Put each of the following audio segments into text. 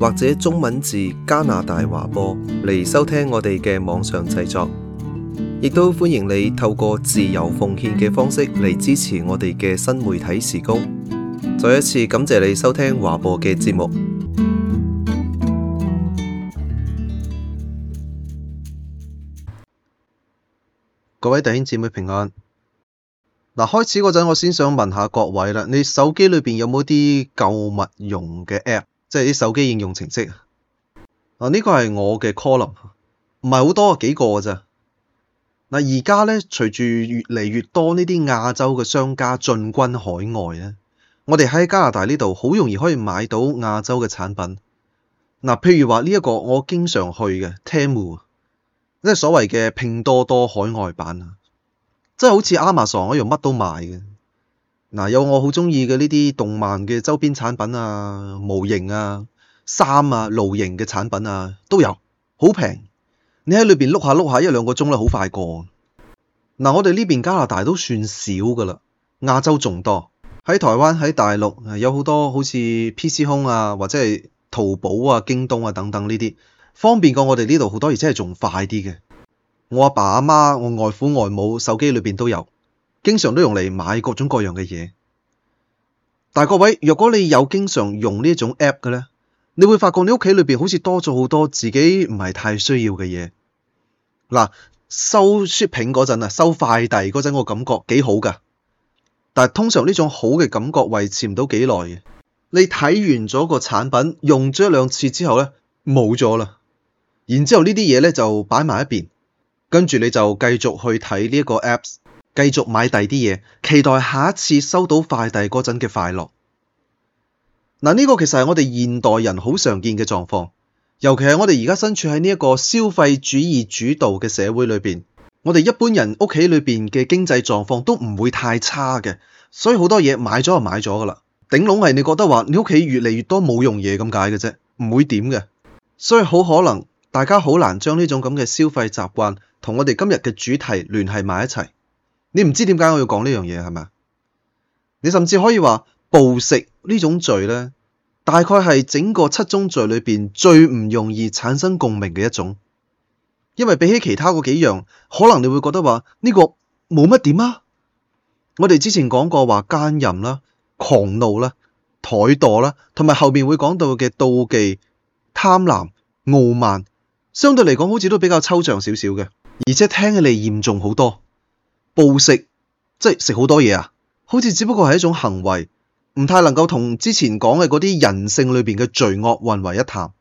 或者中文字加拿大華播嚟，收聽我哋嘅網上製作，亦都歡迎你透過自由奉獻嘅方式嚟支持我哋嘅新媒體事工。再一次感謝你收聽華播嘅節目，各位弟兄姐妹平安。嗱，開始嗰陣，我先想問下各位啦，你手機裏面有冇啲購物用嘅 App？即係啲手機應用程式啊！呢、呢個係我嘅 column，唔係好多幾個咋。而家咧，隨住越嚟越多呢啲亞洲嘅商家進軍海外咧，我哋喺加拿大呢度好容易可以買到亞洲嘅產品。嗱、啊，譬如話呢一個我經常去嘅 Temu，即係所謂嘅拼多多海外版啊，真係好似 Amazon 一樣乜都賣嘅。啊、有我好鍾意嘅呢啲動漫嘅周邊產品啊、模型啊、衫啊、露營嘅產品啊，都有，好平。你喺裏邊碌下碌下一兩個鐘咧，好快過。嗱、啊，我哋呢邊加拿大都算少噶啦，亞洲仲多。喺台灣、喺大陸有好多好似 PC 康啊，或者係淘寶啊、京東啊等等呢啲，方便過我哋呢度好多，而且係仲快啲嘅。我阿爸阿媽、媽、我外父外母手機裏邊都有，經常都用嚟買各種各樣嘅嘢，但係各位，如果你有經常用呢種 app 嘅咧，你會發覺你屋企裏邊好似多咗好多自己唔係太需要嘅嘢。嗱，收 shopping 嗰陣啊，收快遞嗰陣，我感覺幾好噶。但係通常呢種好嘅感覺維持唔到幾耐嘅，你睇完咗個產品，用咗一兩次之後咧，冇咗啦。然之後呢啲嘢咧就擺埋一邊，跟住你就繼續去睇呢個 apps。繼續買第二啲嘢，期待下一次收到快遞嗰陣嘅快樂。嗱，呢個其實係我哋現代人好常見嘅狀況，尤其係我哋而家身處喺呢一個消費主義主導嘅社會裏邊。我哋一般人屋企裏邊嘅經濟狀況都唔會太差嘅，所以好多嘢買咗就買咗噶啦。頂籠係你覺得話你屋企越嚟越多冇用嘢，咁解嘅啫，唔會點嘅。所以好可能大家好難將呢種咁嘅消費習慣同我哋今日嘅主題聯繫埋一齊。你唔知點解我要講呢樣嘢係咪？你甚至可以話暴食呢種罪咧，大概係整個七宗罪裏邊最唔容易產生共鳴嘅一種，因為比起其他嗰幾樣，可能你會覺得話呢個冇乜點啊。我哋之前講過話奸淫啦、狂怒啦、怠惰啦，同埋後面會講到嘅妒忌、貪婪、傲慢，相對嚟講好似都比較抽象少少嘅，而且聽起嚟嚴重好多。暴食即係食好多嘢啊，好似只不過係一種行為，唔太能夠同之前講嘅嗰啲人性裏邊嘅罪惡混為一談。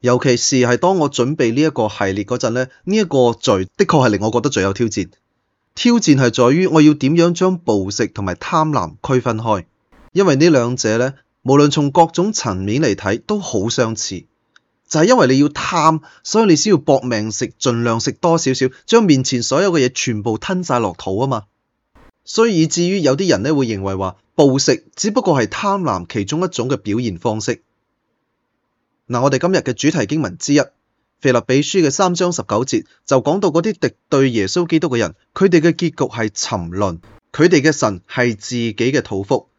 尤其是係當我準備呢一個系列嗰陣咧，呢一個罪的確係令我覺得最有挑戰。挑戰係在於我要點樣將暴食同埋貪婪區分開，因為呢兩者咧，無論從各種層面嚟睇，都好相似。就係因為你要貪，所以你先要搏命食，儘量食多少少，將面前所有嘅嘢全部吞晒落肚啊嘛。所以以至於有啲人咧會認為話暴食只不過係貪婪其中一種嘅表現方式。嗱，我哋今日嘅主題經文之一《腓立比書》嘅三章十九節就講到嗰啲敵對耶穌基督嘅人，佢哋嘅結局係沉淪，佢哋嘅神係自己嘅肚腹。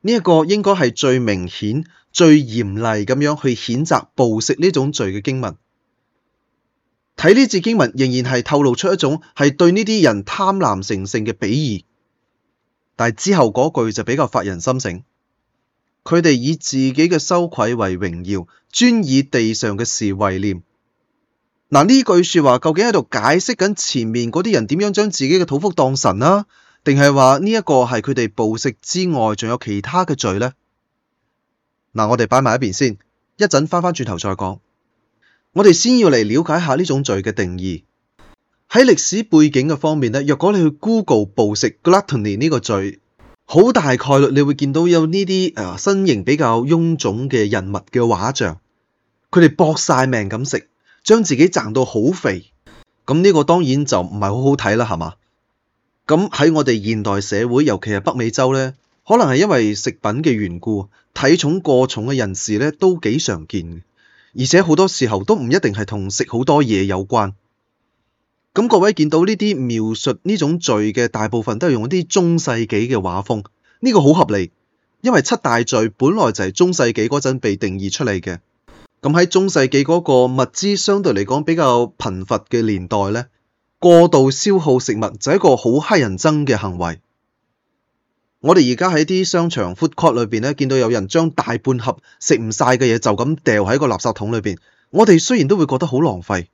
呢一個應該係最明顯、最嚴厲咁樣去譴責暴食呢種罪嘅經文。睇呢節經文仍然係透露出一種係對呢啲人貪婪成性嘅鄙夷。但係之後嗰句就比較發人心省，佢哋以自己嘅羞愧為榮耀，專以地上嘅事為念。嗱，呢句說話究竟喺度解釋緊前面嗰啲人點樣將自己嘅肚腹當神啊？定係話呢一個係佢哋暴食之外，仲有其他嘅罪呢？嗱，我哋擺埋一邊先，一陣翻返轉頭再講。我哋先要嚟了解下呢種罪嘅定義。喺歷史背景嘅方面呢，若果你去 Google 暴食 gluttony 呢個罪，好大概率你會見到有呢啲誒身形比較臃腫嘅人物嘅畫像，佢哋搏晒命咁食，將自己賺到好肥，咁、這、呢個當然就唔係好好睇啦，係嘛？咁喺我哋現代社會，尤其係北美洲呢，可能係因為食品嘅緣故，體重過重嘅人士呢都幾常見，而且好多時候都唔一定係同食好多嘢有關。咁各位見到呢啲描述呢種罪嘅大部分都係用啲中世紀嘅畫風，呢個好合理，因為七大罪本來就係中世紀嗰陣被定義出嚟嘅。咁喺中世紀嗰個物資相對嚟講比較貧乏嘅年代呢。過度消耗食物就係、是、一個好乞人憎嘅行為。我哋而家喺啲商場、food court 裏邊咧，見到有人將大半盒食唔晒嘅嘢就咁掉喺個垃圾桶裏邊。我哋雖然都會覺得好浪費，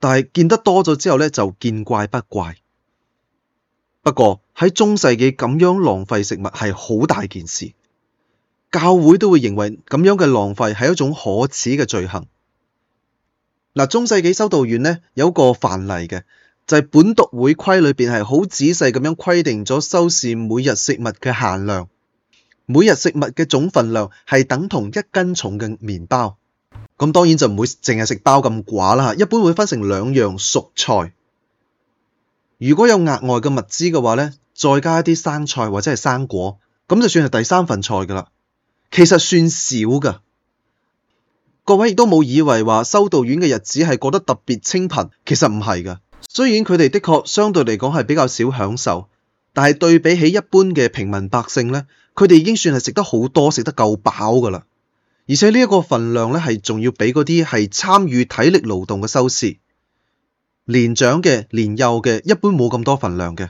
但係見得多咗之後呢，就見怪不怪。不過喺中世紀咁樣浪費食物係好大件事，教會都會認為咁樣嘅浪費係一種可恥嘅罪行。嗱，中世紀修道院呢，有個範例嘅。就係本篤會規裏邊係好仔細咁樣規定咗修士每日食物嘅限量，每日食物嘅總份量係等同一斤重嘅麵包。咁當然就唔會淨係食包咁寡啦，吓，一般會分成兩樣熟菜。如果有額外嘅物資嘅話咧，再加一啲生菜或者係生果，咁就算係第三份菜噶啦。其實算少噶，各位亦都冇以為話修道院嘅日子係過得特別清貧，其實唔係噶。雖然佢哋的確相對嚟講係比較少享受，但係對比起一般嘅平民百姓呢，佢哋已經算係食得好多、食得夠飽噶啦。而且呢一個份量呢，係仲要俾嗰啲係參與體力勞動嘅修士，年長嘅、年幼嘅，一般冇咁多份量嘅。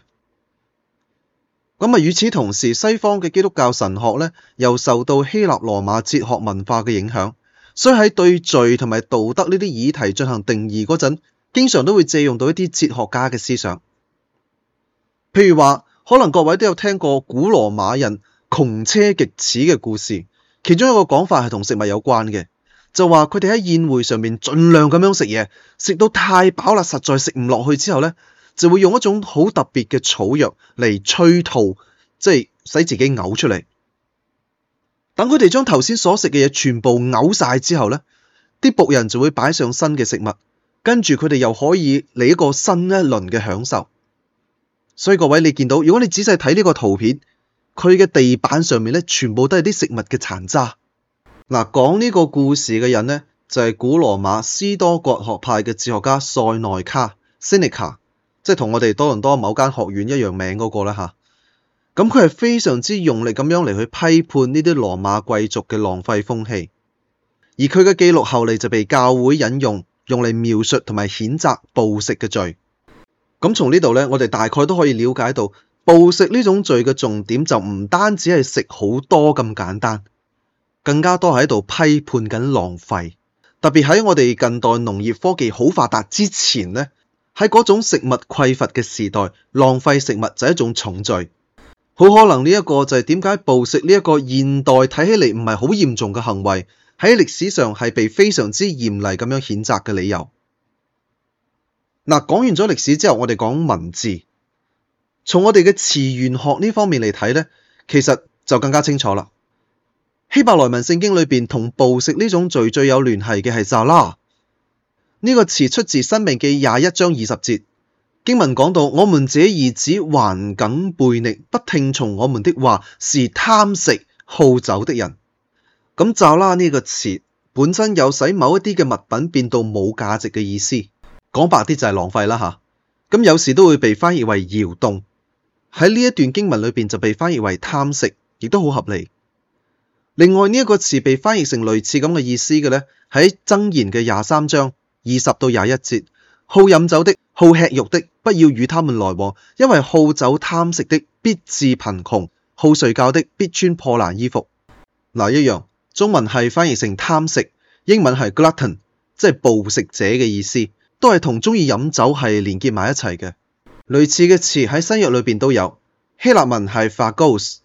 咁啊，與此同時，西方嘅基督教神學呢，又受到希臘羅馬哲學文化嘅影響，所以喺對罪同埋道德呢啲議題進行定義嗰陣，經常都會借用到一啲哲學家嘅思想，譬如話，可能各位都有聽過古羅馬人窮奢極侈嘅故事，其中一個講法係同食物有關嘅，就話佢哋喺宴會上面盡量咁樣食嘢，食到太飽啦，實在食唔落去之後咧，就會用一種好特別嘅草藥嚟催吐，即係使，使自己嘔出嚟。等佢哋將頭先所食嘅嘢全部嘔晒之後咧，啲僕人就會擺上新嘅食物。跟住佢哋又可以嚟一個新一輪嘅享受，所以各位你見到，如果你仔細睇呢個圖片，佢嘅地板上面咧，全部都係啲食物嘅殘渣。嗱，講呢個故事嘅人咧，就係古羅馬斯多國學派嘅哲學家塞內卡 （Seneca），即係同我哋多倫多某間學院一樣名嗰個啦嚇。咁佢係非常之用力咁樣嚟去批判呢啲羅馬貴族嘅浪費風氣，而佢嘅記錄後嚟就被教會引用。用嚟描述同埋譴責暴食嘅罪。咁從呢度呢，我哋大概都可以了解到，暴食呢種罪嘅重點就唔單止係食好多咁簡單，更加多係喺度批判緊浪費。特別喺我哋近代農業科技好發達之前呢，喺嗰種食物匱乏嘅時代，浪費食物就係一種重罪。好可能呢一個就係點解暴食呢一個現代睇起嚟唔係好嚴重嘅行為，喺歷史上係被非常之嚴厲咁樣譴責嘅理由。嗱，講完咗歷史之後，我哋講文字，從我哋嘅詞源學呢方面嚟睇呢，其實就更加清楚喇。希伯來文聖經裏邊同暴食呢種罪最有聯繫嘅係什拉呢個詞，出自《生命記》廿一章二十節，經文講到：我們這兒子頑梗悖逆，不聽從我們的話，是貪食好酒的人。咁就啦，呢、這個詞本身有使某一啲嘅物品變到冇價值嘅意思，講白啲就係浪費啦吓。咁、啊、有時都會被翻譯為搖動，喺呢一段經文裏邊就被翻譯為貪食，亦都好合理。另外呢一、這個詞被翻譯成類似咁嘅意思嘅呢，喺箴言嘅廿三章二十到廿一節，好飲酒的、好吃肉的，不要與他們來往，因為好酒貪食的必致貧窮，好睡覺的必穿破爛衣服。嗱，一樣。中文係翻譯成貪食，英文係 glutton，即係暴食者嘅意思，都係同鍾意飲酒係連結埋一齊嘅。類似嘅詞喺新約裏邊都有，希臘文係 phagos，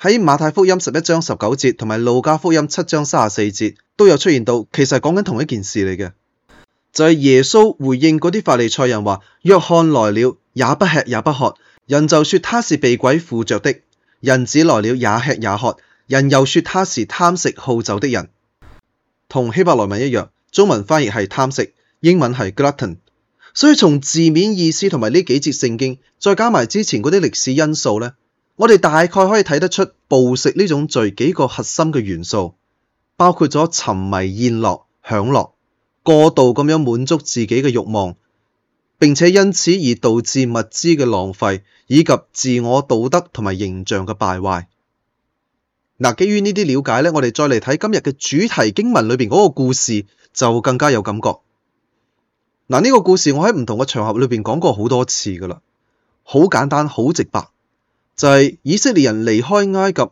喺馬太福音十一章十九節同埋路加福音七章三十四節都有出現到，其實講緊同一件事嚟嘅，就係耶穌回應嗰啲法利賽人話，約翰來了也不吃也不喝，人就說他是被鬼附着的；人子來了也吃也喝。人又說他是貪食好酒的人，同希伯來文一樣，中文翻譯係貪食，英文係 glutton。所以從字面意思同埋呢幾節聖經，再加埋之前嗰啲歷史因素呢，我哋大概可以睇得出暴食呢種罪幾個核心嘅元素，包括咗沉迷宴樂、享樂、過度咁樣滿足自己嘅慾望，並且因此而導致物資嘅浪費以及自我道德同埋形象嘅敗壞。嗱，基於呢啲了解咧，我哋再嚟睇今日嘅主題經文裏邊嗰個故事，就更加有感覺。嗱，呢個故事我喺唔同嘅場合裏邊講過好多次噶啦，好簡單，好直白，就係以色列人離開埃及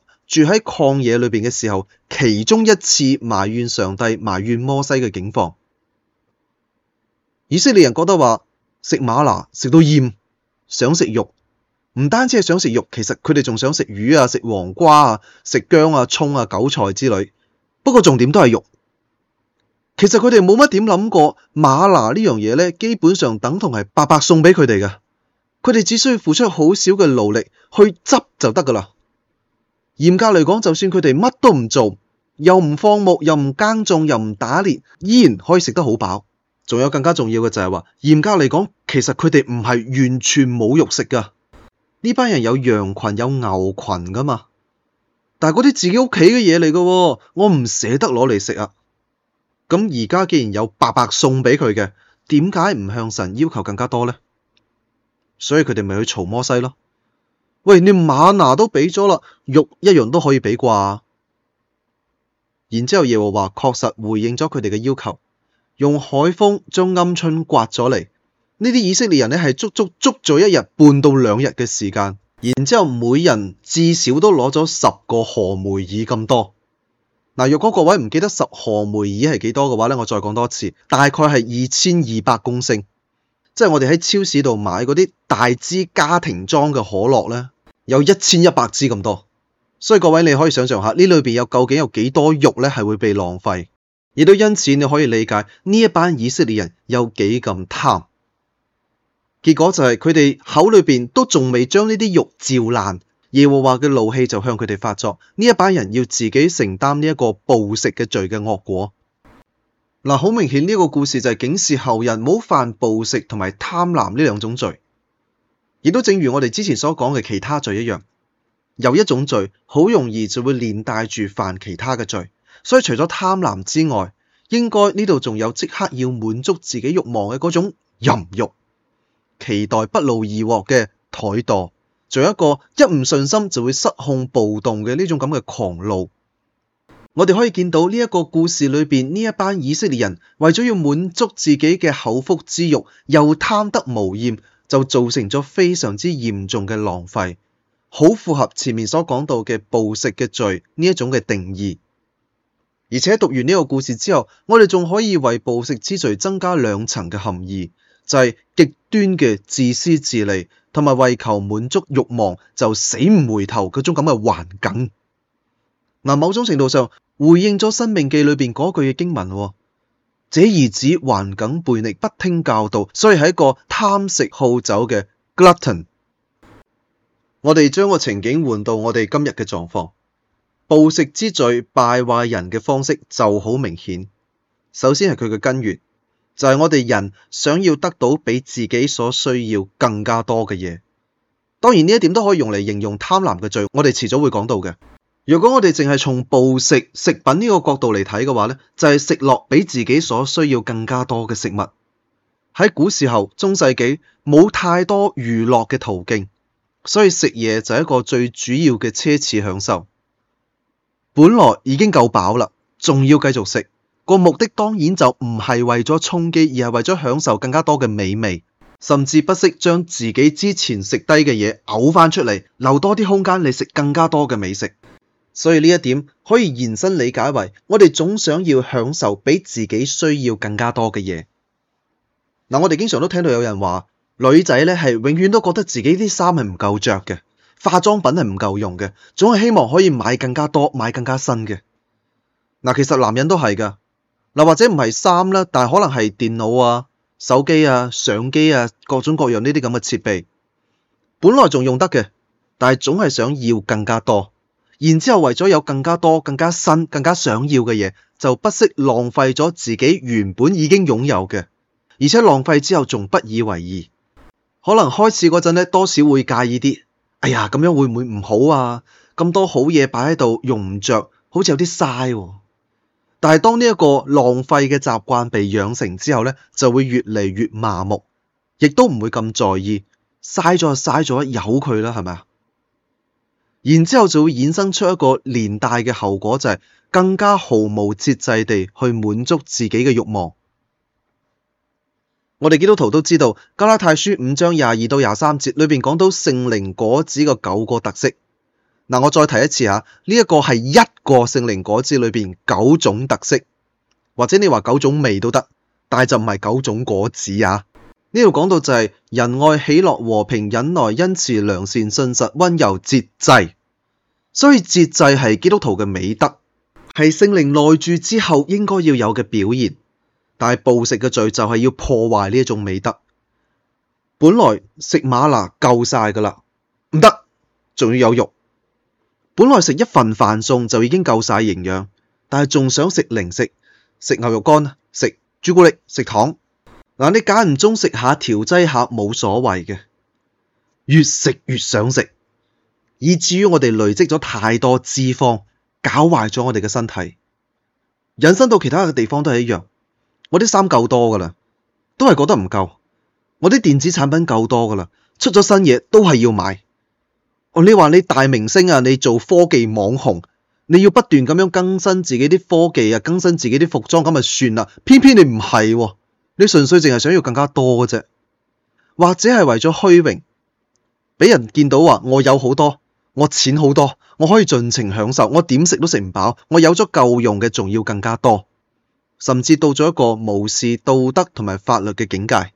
住喺曠野裏邊嘅時候，其中一次埋怨上帝、埋怨摩西嘅境況。以色列人覺得話食瑪拿食到厭，想食肉。唔單止係想食肉，其實佢哋仲想食魚啊、食黃瓜啊、食薑啊、葱啊、韭菜之類。不過重點都係肉。其實佢哋冇乜點諗過嗎哪呢樣嘢咧，基本上等同係白白送畀佢哋噶。佢哋只需要付出好少嘅勞力去執就得噶啦。嚴格嚟講，就算佢哋乜都唔做，又唔放牧，又唔耕種，又唔打獵，依然可以食得好飽。仲有更加重要嘅就係話，嚴格嚟講，其實佢哋唔係完全冇肉食噶。呢班人有羊群、有牛群噶嘛，但係嗰啲自己屋企嘅嘢嚟噶，我唔捨得攞嚟食啊。咁而家既然有白白送畀佢嘅，點解唔向神要求更加多咧？所以佢哋咪去嘈摩西咯。喂，你嗎哪都畀咗啦，肉一樣都可以畀啩。然之後耶和華確實回應咗佢哋嘅要求，用海風將鵪鶉颳咗嚟。呢啲以色列人咧，係足足捉咗一日半到兩日嘅時間，然之後每人至少都攞咗十個荷梅耳咁多。嗱，若果各位唔記得十荷梅耳係幾多嘅話呢，我再講多次，大概係二千二百公升，即係我哋喺超市度買嗰啲大支家庭裝嘅可樂呢，有一千一百支咁多。所以各位你可以想象下，呢裏邊有究竟有幾多肉呢係會被浪費？亦都因此，你可以理解呢一班以色列人有幾咁貪。結果就係佢哋口裏邊都仲未將呢啲肉嚼爛，耶和華嘅怒氣就向佢哋發作。呢一班人要自己承擔呢一個暴食嘅罪嘅惡果。嗱，好、 啊、明顯呢個故事就係警示後人唔好犯暴食同埋貪婪呢兩種罪。亦都正如我哋之前所講嘅其他罪一樣，有一種罪好容易就會連帶住犯其他嘅罪。所以除咗貪婪之外，應該呢度仲有即刻要滿足自己慾望嘅嗰種淫慾，期待不勞而獲嘅怠惰，仲有一個一唔順心就會失控暴動嘅呢種咁嘅狂怒。我哋可以見到呢一個故事裏邊呢一班以色列人為咗要滿足自己嘅口腹之欲，又貪得無厭，就造成咗非常之嚴重嘅浪費，好符合前面所講到嘅暴食嘅罪呢一種嘅定義。而且讀完呢個故事之後，我哋仲可以為暴食之罪增加兩層嘅含義。就係極端嘅自私自利，同埋為求滿足欲望就死唔回頭嗰種咁嘅環境。嗱，某種程度上回應咗《申命記》裏邊嗰句嘅經文，這兒子頑梗悖逆，不聽教導，所以係一個貪食好酒嘅 glutton。 我哋將個情景換到我哋今日嘅狀況，暴食之罪敗壞人嘅方式就好明顯。首先係佢嘅根源。就係我哋人想要得到比自己所需要更加多嘅嘢。當然呢一點都可以用嚟形容貪婪嘅罪。我哋遲早會講到嘅。如果我哋淨係從暴食食品呢個角度嚟睇嘅話呢，就係食落比自己所需要更加多嘅食物。喺古時候、中世紀冇太多娛樂嘅途徑，所以食嘢就係一個最主要嘅奢侈享受。本來已經夠飽啦，仲要繼續食。個目的當然就唔係為咗充飢，而係為咗享受更加多嘅美味，甚至不惜將自己之前食低嘅嘢嘔翻出嚟，留多啲空間你食更加多嘅美食。所以呢一點可以延伸理解為，我哋總想要享受比自己需要更加多嘅嘢。嗱、嗯，我哋經常都聽到有人話女仔咧，係永遠都覺得自己啲衫係唔夠着嘅，化妝品係唔夠用嘅，總係希望可以買更加多、買更加新嘅。嗱、嗯，其實男人都係噶。嗱，或者唔係衫啦，但係可能係電腦啊、手機啊、相機啊，各種各樣呢啲咁嘅設備，本來仲用得嘅，但係總係想要更加多，然之後為咗有更加多、更加新、更加想要嘅嘢，就不惜浪費咗自己原本已經擁有嘅，而且浪費之後仲不以為意。可能開始嗰陣咧，多少會介意啲，哎呀，咁樣會唔會唔好啊？咁多好嘢擺喺度，用唔着，好似有啲嘥喎。但係當呢一個浪費嘅習慣被養成之後呢，就會越嚟越麻木，亦都唔會咁在意，嘥咗嘥咗，由佢啦，係咪啊？然之後就會衍生出一個連帶嘅後果，就係、是、更加毫無節制地去滿足自己嘅慾望。我哋基督徒都知道《加拉太書》五章廿二到廿三節裏邊講到聖靈果子嘅九個特色。嗱，那我再提一次吓、啊，呢、這、一個係一個聖靈果子裏邊九種特色，或者你話九種味都得，但係就唔係九種果子啊。呢度講到就係、是、仁愛、喜樂、和平、忍耐、恩慈、良善、信實、溫柔、節制。所以節制係基督徒嘅美德，係聖靈內住之後應該要有嘅表現。但係暴食嘅罪就係要破壞呢一種美德。本來食馬拿夠晒噶啦，唔得，仲要有肉。本來食一份飯餸就已經夠晒營養，但係仲想食零食，食牛肉乾，食朱古力，食糖。嗱、啊，你間唔中食下調劑下冇所謂嘅，越食越想食，以至於我哋累積咗太多脂肪，搞壞咗我哋嘅身體。引申到其他嘅地方都係一樣，我啲衫夠多㗎喇，都係覺得唔夠。我啲電子產品夠多㗎喇，出咗新嘢都係要買。哦，你話你大明星啊？你做科技網紅，你要不斷咁樣更新自己啲科技啊，更新自己啲服裝咁咪算啦。偏偏你唔係喎，你純粹淨係想要更加多嘅啫，或者係為咗虛榮，畀人見到話我有好多，我錢好多，我可以盡情享受，我點食都食唔飽，我有咗夠用嘅，仲要更加多，甚至到咗一個無視道德同埋法律嘅境界。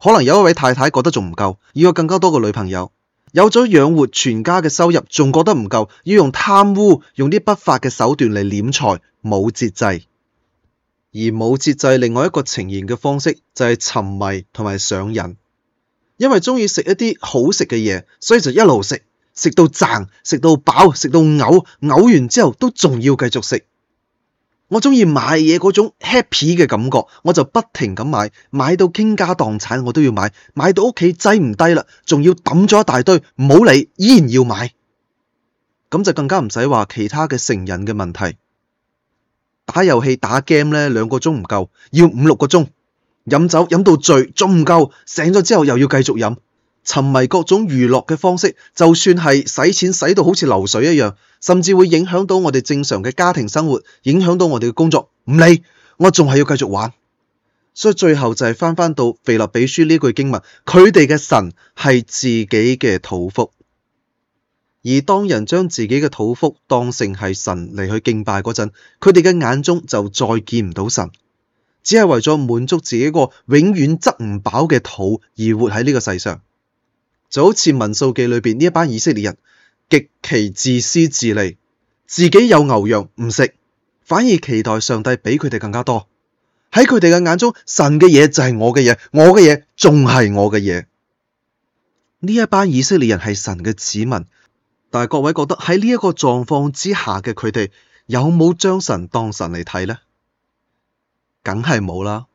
可能有一位太太覺得仲唔夠，要有更加多嘅女朋友。有咗養活全家嘅收入，仲覺得唔夠，要用貪污，用啲不法嘅手段嚟斂財，冇節制。而冇節制，另外一個呈現嘅方式就係、是、沉迷同埋上癮。因為鍾意食一啲好食嘅嘢，所以就一路食，食到撐，食到飽，食到嘔，嘔完之後都仲要繼續食。我鍾意買嘢嗰種 happy 嘅感覺，我就不停咁買，買到傾家蕩產我都要買，買到屋企擠唔低啦，仲要抌咗一大堆，唔好理，依然要買。咁就更加唔使話其他嘅成人嘅問題，打遊戲打 game 咧兩個鐘唔夠，要五六個鐘，飲酒飲到醉仲唔夠，醒咗之後又要繼續飲。沉迷各種娛樂嘅方式，就算係使錢使到好似流水一樣，甚至會影響到我哋正常嘅家庭生活，影響到我哋嘅工作，唔理，我仲係要繼續玩。所以最後就係翻返到《腓立比書》呢句經文，「佢哋嘅神係自己嘅肚腹。」而當人將自己嘅肚腹當成係神嚟去敬拜嗰陣，佢哋嘅眼中就再見唔到神，只係為咗滿足自己一個永遠執唔飽嘅肚而活喺呢個世上。就好似《民數記》裏邊呢一班以色列人，極其自私自利，自己有牛羊唔食，反而期待上帝比佢哋更加多。喺佢哋嘅眼中，神嘅嘢就係我嘅嘢，我嘅嘢仲係我嘅嘢。呢一班以色列人係神嘅子民，但係各位覺得喺呢一個狀況之下嘅佢哋，有冇將神當神嚟睇呢？梗係冇啦。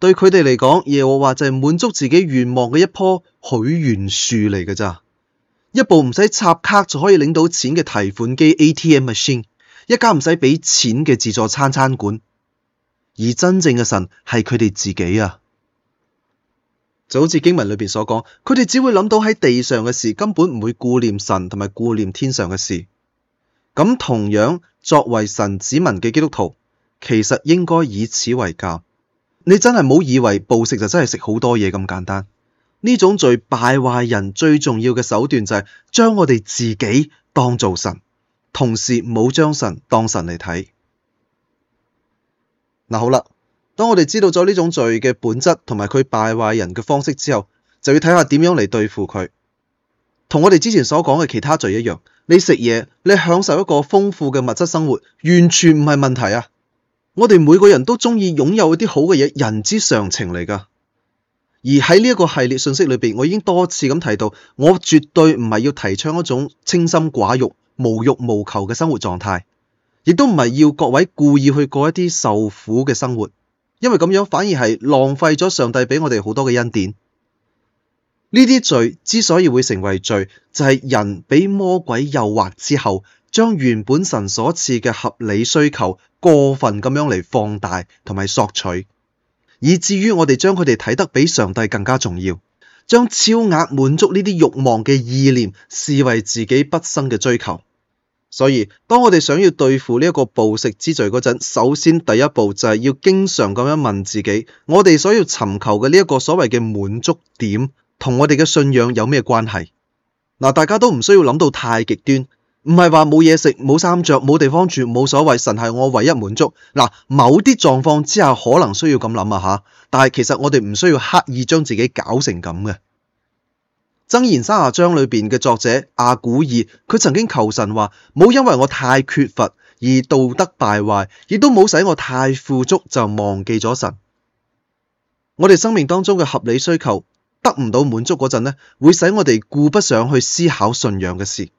對佢哋嚟講，耶和華就係滿足自己願望嘅一棵許願樹嚟嘅咋，一部唔使插卡就可以領到錢嘅提款機 ATM machine，一家唔使畀錢嘅自助餐餐館，而真正嘅神係佢哋自己啊，就好似經文裏邊所講，佢哋只會諗到喺地上嘅事，根本唔會顧念神同埋顧念天上嘅事。咁同樣，作為神子民嘅基督徒，其實應該以此為鑑。你真係唔好以為暴食就真係食好多嘢，咁簡單，呢種罪敗壞人最重要嘅手段就係將我哋自己當做神，同時冇將神當神嚟睇。嗱、啊、好啦，當我哋知道咗呢種罪嘅本質同埋佢敗壞人嘅方式之後，就要睇下點樣嚟對付佢。同我哋之前所講嘅其他罪一樣，你食嘢，你享受一個豐富嘅物質生活，完全唔係問題啊。我哋每個人都鍾意擁有一啲好嘅嘢，人之常情嚟㗎。而喺呢一個系列信息裏邊，我已經多次咁提到，我絕對唔係要提倡一種清心寡慾、無欲無求嘅生活狀態，亦都唔係要各位故意去過一啲受苦嘅生活，因為咁樣反而係浪費咗上帝畀我哋好多嘅恩典。呢啲罪之所以會成為罪，就係、是、人畀魔鬼誘惑之後。將原本神所賜嘅合理需求過分咁樣嚟放大同埋索取，以至於我哋將佢哋睇得比上帝更加重要，將超額滿足呢啲慾望嘅意念視為自己畢生嘅追求。所以，當我哋想要對付呢一個暴食之罪嗰陣，首先第一步就係要經常咁樣問自己：我哋所要尋求嘅呢一個所謂嘅滿足點，同我哋嘅信仰有咩關係？嗱，大家都唔需要諗到太極端。唔係話冇嘢食，冇衫着、冇地方住，冇所謂。神係我唯一滿足。嗱，某啲狀況之下可能需要咁諗啊吓，但係其實我哋唔需要刻意將自己搞成咁嘅。箴言三十章裏邊嘅作者亞古珥，佢曾經求神話：冇因為我太缺乏而道德敗壞，亦都冇使我太富足就忘記咗神。我哋生命當中嘅合理需求得唔到滿足嗰陣呢，會使我哋顧不上去思考信仰嘅事。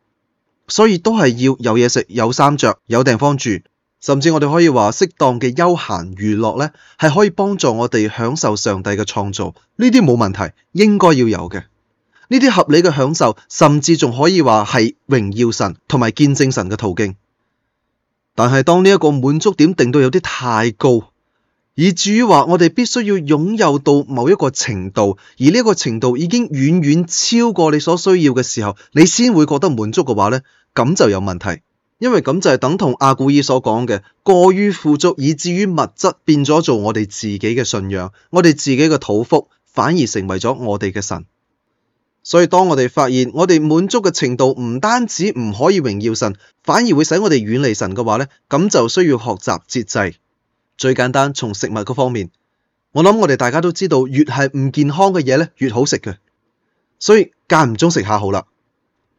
所以都係要有嘢食，有衫着、有地方住，甚至我哋可以話適當嘅休閒娛樂呢係可以幫助我哋享受上帝嘅創造，呢啲冇問題，應該要有嘅。呢啲合理嘅享受，甚至仲可以話係榮耀神同埋見證神嘅途徑。但係當呢一個滿足點定到有啲太高，以至於話我哋必須要擁有到某一個程度，而呢一個程度已經遠遠超過你所需要嘅時候，你先會覺得滿足嘅話咧，咁就有問題，因為咁就係等同亞古珥所講嘅過於富足，以至於物質變咗做我哋自己嘅信仰，我哋自己嘅肚腹反而成為咗我哋嘅神。所以當我哋發現我哋滿足嘅程度唔單止唔可以榮耀神，反而會使我哋遠離神嘅話咧，咁就需要學習節制。最簡單，從食物個方面，我諗我哋大家都知道，越係唔健康嘅嘢咧，越好食嘅，所以間唔中食下好啦。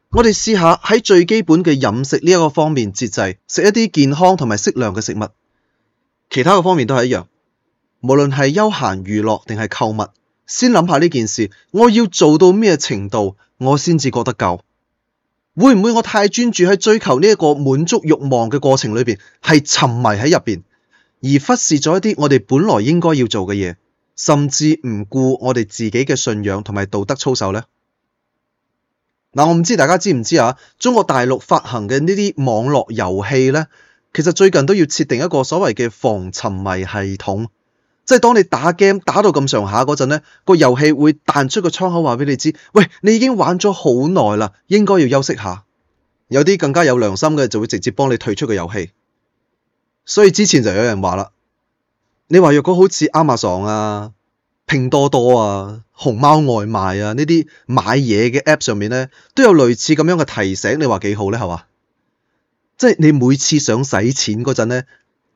我哋試下喺最基本嘅飲食呢一個方面節制，食一啲健康同埋適量嘅食物。其他個方面都係一樣，無論係休閒娛樂定係購物，先諗下呢件事，我要做到咩程度，我先至覺得夠。會唔會我太專注喺追求呢一個滿足欲望嘅過程裏邊，係沉迷喺入邊？而忽視咗一啲我哋本來應該要做嘅嘢，甚至唔顧我哋自己嘅信仰同埋道德操守呢。嗱、嗯，我唔知大家知唔知啊？中國大陸發行嘅呢啲網絡遊戲呢，其實最近都要設定一個所謂嘅防沉迷系統，即係當你打 game 打到咁上下嗰陣呢，個遊戲會彈出個窗口話畀你知，喂，你已經玩咗好耐啦，應該要休息下。有啲更加有良心嘅就會直接幫你退出個遊戲。所以之前就有人話啦，你話若果好似 Amazon 啊、拼多多啊、熊貓外賣啊呢啲買嘢嘅 app 上面咧，都有類似咁樣嘅提醒，你話幾好咧，係嘛？即係你每次想使錢嗰陣咧，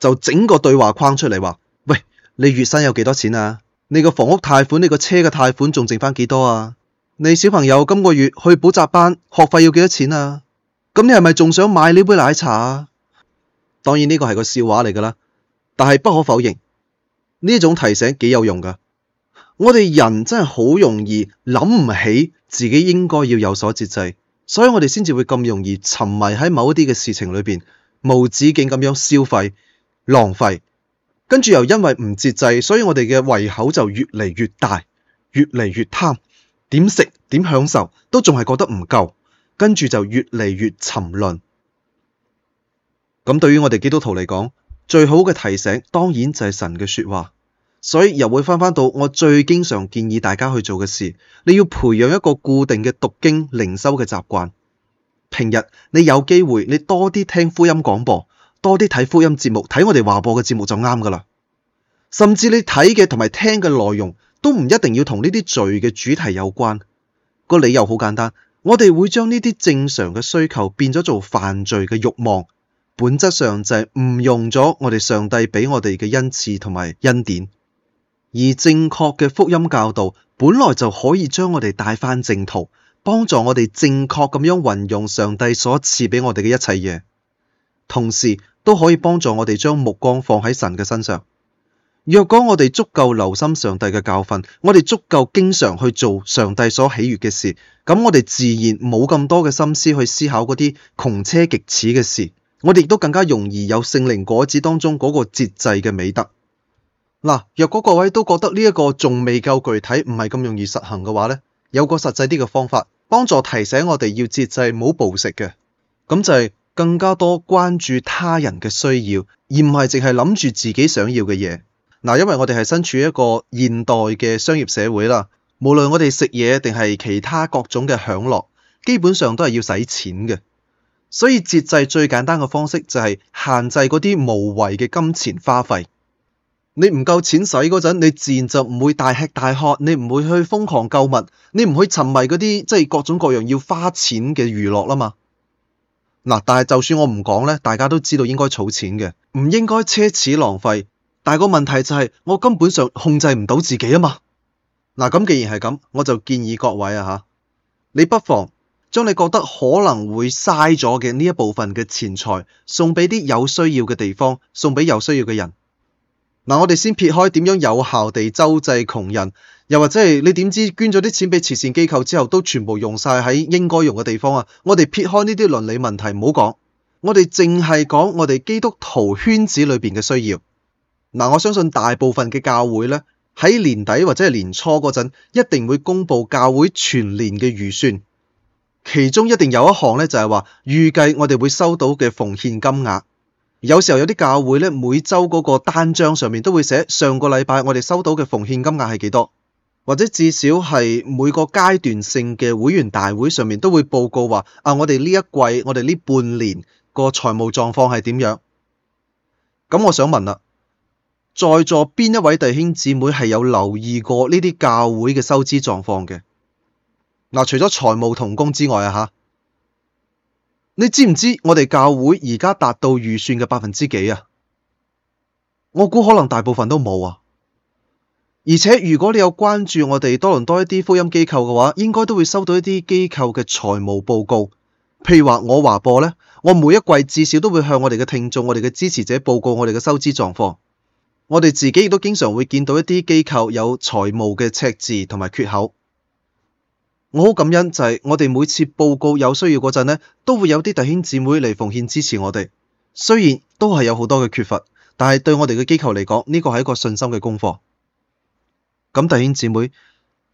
就整個對話框出嚟話：，喂，你月薪有幾多錢啊？你個房屋貸款、你個車嘅貸款仲剩翻幾多啊？你小朋友今個月去補習班學費要幾多錢啊？咁你係咪仲想買呢杯奶茶啊？當然呢個係個笑話嚟噶啦，但係不可否認呢種提醒幾有用噶我哋人真係好容易諗唔起自己應該要有所節制，所以我哋先至會咁容易沉迷喺某一啲嘅事情裏邊，無止境咁樣消費浪費，跟住又因為唔節制，所以我哋嘅胃口就越嚟越大，越嚟越貪，點食點享受都仲係覺得唔夠，跟住就越嚟越沉淪。咁對於我哋基督徒嚟講，最好嘅提醒當然就係神嘅說話，所以又會翻返到我最經常建議大家去做嘅事，你要培養一個固定嘅讀經靈修嘅習慣。平日你有機會，你多啲聽福音廣播，多啲睇福音節目，睇我哋話播嘅節目就啱噶啦。甚至你睇嘅同埋聽嘅內容都唔一定要同呢啲罪嘅主題有關。個理由好簡單，我哋會將呢啲正常嘅需求變咗做犯罪嘅欲望。本質上就係誤用咗我哋上帝畀我哋嘅恩賜同埋恩典，而正確嘅福音教導本來就可以將我哋帶返正途，幫助我哋正確咁樣運用上帝所賜畀我哋嘅一切嘢，同時都可以幫助我哋將目光放喺神嘅身上。若果我哋足夠留心上帝嘅教訓，我哋足夠經常去做上帝所喜悅嘅事，咁我哋自然冇咁多嘅心思去思考嗰啲窮奢極侈嘅事。我哋亦都更加容易有聖靈果子當中嗰個節制嘅美德。嗱，若果各位都覺得呢一個仲未夠具體，唔係咁容易實行嘅話咧，有個實際啲嘅方法，幫助提醒我哋要節制，唔好暴食嘅。咁就係更加多關注他人嘅需要，而唔係淨係諗住自己想要嘅嘢。嗱，因為我哋係身處一個現代嘅商業社會啦，無論我哋食嘢定係其他各種嘅享樂，基本上都係要使錢嘅。所以節制最簡單嘅方式就係限制嗰啲無謂嘅金錢花費。你唔夠錢使嗰陣，你自然就唔會大吃大喝，你唔會去瘋狂購物，你唔會沉迷嗰啲，即係各種各樣要花錢嘅娛樂啦嘛。嗱，但係就算我唔講咧，大家都知道應該儲錢嘅，唔應該奢侈浪費。但係個問題就係我根本上控制唔到自己啊嘛。嗱，咁既然係咁，我就建議各位啊吓，你不妨。將你覺得可能會嘥咗嘅呢一部分嘅錢財送畀啲有需要嘅地方，送畀有需要嘅人。嗱，我哋先撇開點樣有效地周濟窮人，又或者係你點知捐咗啲錢俾慈善機構之後都全部用晒喺應該用嘅地方啊？我哋撇開呢啲倫理問題唔好講，我哋淨係講我哋基督徒圈子裏邊嘅需要。嗱，我相信大部分嘅教會咧，喺年底或者係年初嗰陣，一定會公布教會全年嘅預算。其中一定有一項呢，就係話預計我哋會收到嘅奉獻金額。有時候有啲教會呢，每周嗰個單張上面都會寫上個禮拜我哋收到嘅奉獻金額係幾多，或者至少係每個階段性嘅會員大會上面都會報告話啊，我哋呢一季，我哋呢半年個財務狀況係點樣。咁我想問啦，在座邊一位弟兄姊妹係有留意過呢啲教會嘅收支狀況嘅？嗱，除咗財務同工之外啊，吓，你知唔知我哋教會而家達到預算嘅百分之幾啊？我估可能大部分都冇啊。而且如果你有關注我哋多倫多一啲福音機構嘅話，應該都會收到一啲機構嘅財務報告。譬如話我華播呢，我每一季至少都會向我哋嘅聽眾、我哋嘅支持者報告我哋嘅收支狀況。我哋自己亦都經常會見到一啲機構有財務嘅赤字同埋缺口。我好感恩，就係我哋每次報告有需要嗰陣呢，都會有啲弟兄姊妹嚟奉獻支持我哋。雖然都係有好多嘅缺乏，但係對我哋嘅機構嚟講，呢個係一個信心嘅功課。咁弟兄姊妹，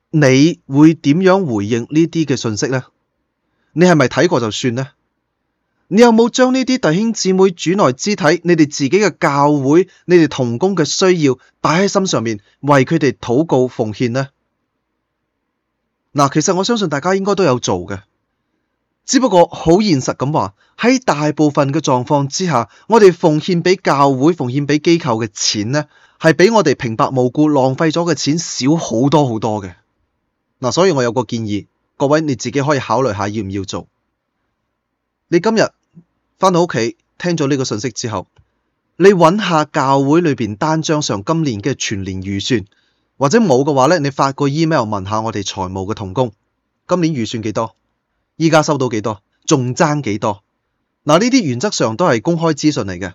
你會點樣回應呢啲嘅信息呢？你係咪睇過就算咧？你有冇將呢啲弟兄姊妹主內肢體，你哋自己嘅教會、你哋同工嘅需要擺喺心上面，為佢哋禱告奉獻呢？嗱，其實我相信大家應該都有做嘅，只不過好現實咁話，喺大部分嘅狀況之下，我哋奉獻畀教會、奉獻畀機構嘅錢咧，係比我哋平白無故浪費咗嘅錢少好多好多嘅。嗱、啊，所以我有個建議，各位你自己可以考慮下要唔要做。你今日翻到屋企聽咗呢個信息之後，你揾下教會裏邊單張上今年嘅全年預算。或者冇嘅話咧，你發個 email 問下我哋財務嘅同工，今年預算幾多，依家收到幾多，仲爭幾多？嗱，呢啲原則上都係公開資訊嚟嘅，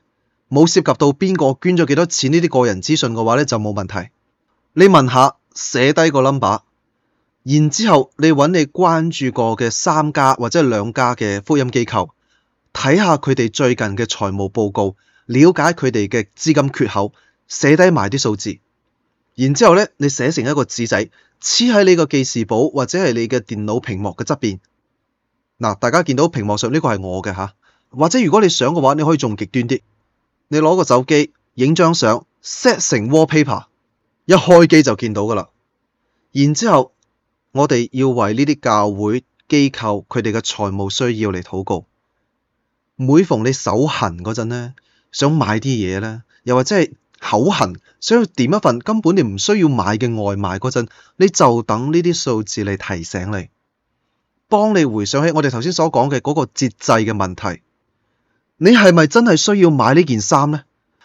冇涉及到邊個捐咗幾多錢呢啲個人資訊嘅話咧，就冇問題。你問下寫低個 number，然之後你搵你關注過嘅三家或者兩家嘅福音機構，睇下佢哋最近嘅財務報告，了解佢哋嘅資金缺口，寫低埋啲數字。然之後咧，你寫成一個紙仔，黐喺你個記事簿或者係你嘅電腦屏幕嘅側邊。嗱，大家見到屏幕上呢個係我嘅吓，或者如果你想嘅話，你可以仲極端啲，你攞個手機影張相，set 成 wallpaper，一開機就見到噶啦。然之後，我哋要為呢啲教會機構佢哋嘅財務需要嚟禱告。每逢你手痕嗰陣咧，想買啲嘢咧，又或者係，口痕，需要點一份根本你唔需要買嘅外賣嗰陣，你就等呢啲數字嚟提醒你，幫你回想起我哋頭先所講嘅嗰個節制嘅問題。你係咪真係需要買呢件衫呢？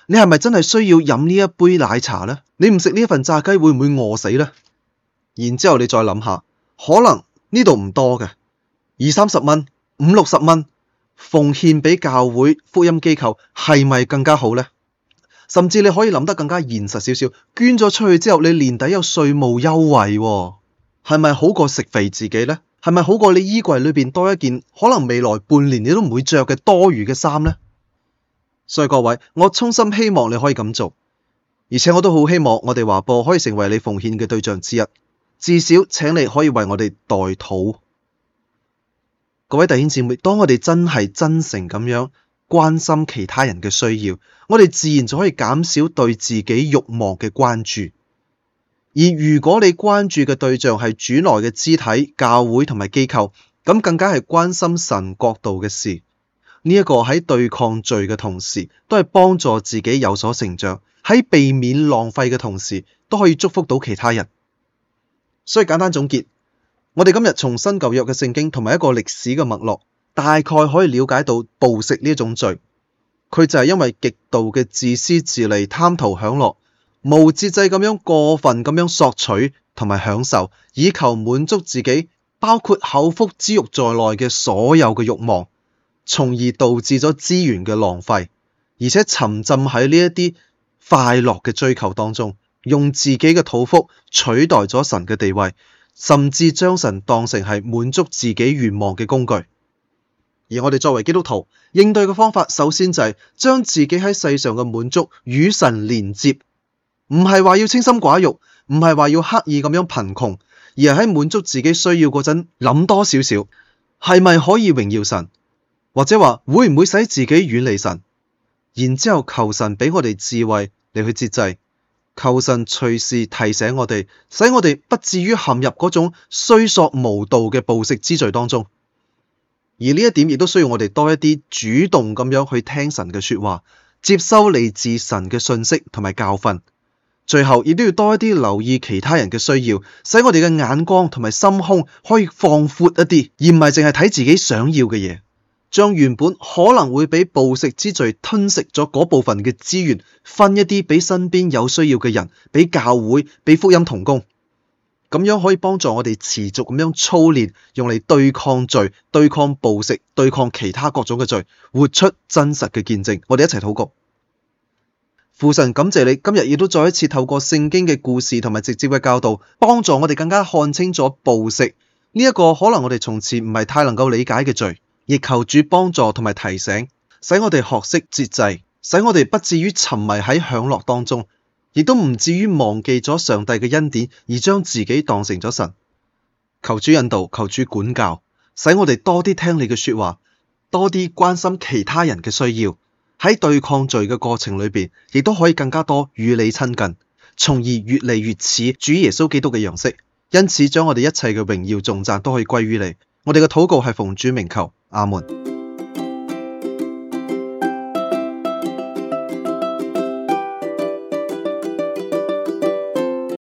你係咪真係需要飲呢一杯奶茶呢？你唔食呢份炸雞會唔會餓死呢？然之後你再諗下，可能呢度唔多嘅二三十蚊，五六十蚊奉獻畀教會福音機構，係咪更加好呢？甚至你可以諗得更加現實少少，捐咗出去之後，你年底有稅務優惠喎，係咪好過食肥自己呢？係咪好過你衣櫃裏邊多一件可能未來半年你都唔會着嘅多餘嘅衫呢？所以各位，我衷心希望你可以咁做，而且我都好希望我哋華播可以成為你奉獻嘅對象之一，至少請你可以為我哋代禱。各位弟兄姐妹，當我哋真係真誠咁樣，關心其他人嘅需要，我哋自然就可以減少對自己慾望嘅關注。而如果你關注嘅對象係主內嘅肢體、教會同埋機構，咁更加係關心神角度嘅事。呢、這、一個喺對抗罪嘅同時，都係幫助自己有所成長；喺避免浪費嘅同時，都可以祝福到其他人。所以簡單總結，我哋今日從新舊約嘅聖經同埋一個歷史嘅脈絡，大概可以了解到暴食呢一種罪，佢就係因為極度嘅自私自利、貪圖享樂、無節制咁樣過分咁樣索取同埋享受，以求滿足自己包括口腹之欲在內嘅所有嘅欲望，從而導致咗資源嘅浪費，而且沉浸喺呢一啲快樂嘅追求當中，用自己嘅肚腹取代咗神嘅地位，甚至將神當成係滿足自己願望嘅工具。而我哋作為基督徒應對嘅方法，首先就係將自己喺世上嘅滿足與神連接，唔係話要清心寡欲，唔係話要刻意咁樣貧窮，而係喺滿足自己需要嗰陣諗多少少，係咪可以榮耀神？或者話會唔會使自己遠離神？然之後求神畀我哋智慧嚟去節制，求神隨時提醒我哋，使我哋不至於陷入嗰種衰索無道嘅暴食之罪當中。而呢一點亦都需要我哋多一啲主動咁樣去聽神嘅説話，接收嚟自神嘅信息同埋教訓。最後亦都要多一啲留意其他人嘅需要，使我哋嘅眼光同埋心胸可以放闊一啲，而唔係淨係睇自己想要嘅嘢。將原本可能會畀暴食之罪吞食咗嗰部分嘅資源，分一啲畀身邊有需要嘅人，畀教會，畀福音同工。咁樣可以幫助我哋持續咁樣操練，用嚟對抗罪、對抗暴食、對抗其他各種嘅罪，活出真實嘅見證。我哋一齊禱告，父神感謝你，今日亦都再一次透過聖經嘅故事同埋直接嘅教導，幫助我哋更加看清咗暴食呢一個可能我哋從前唔係太能夠理解嘅罪，亦求主幫助同埋提醒，使我哋學識節制，使我哋不至於沉迷喺享樂當中。亦都唔至於忘記咗上帝嘅恩典，而將自己當成咗神。求主引導，求主管教，使我哋多啲聽你嘅說話，多啲關心其他人嘅需要。喺對抗罪嘅過程裏邊，亦都可以更加多與你親近，從而越嚟越似主耶穌基督嘅樣式。因此，將我哋一切嘅榮耀頌讚都可以歸於你。我哋嘅禱告係奉主名求，阿門。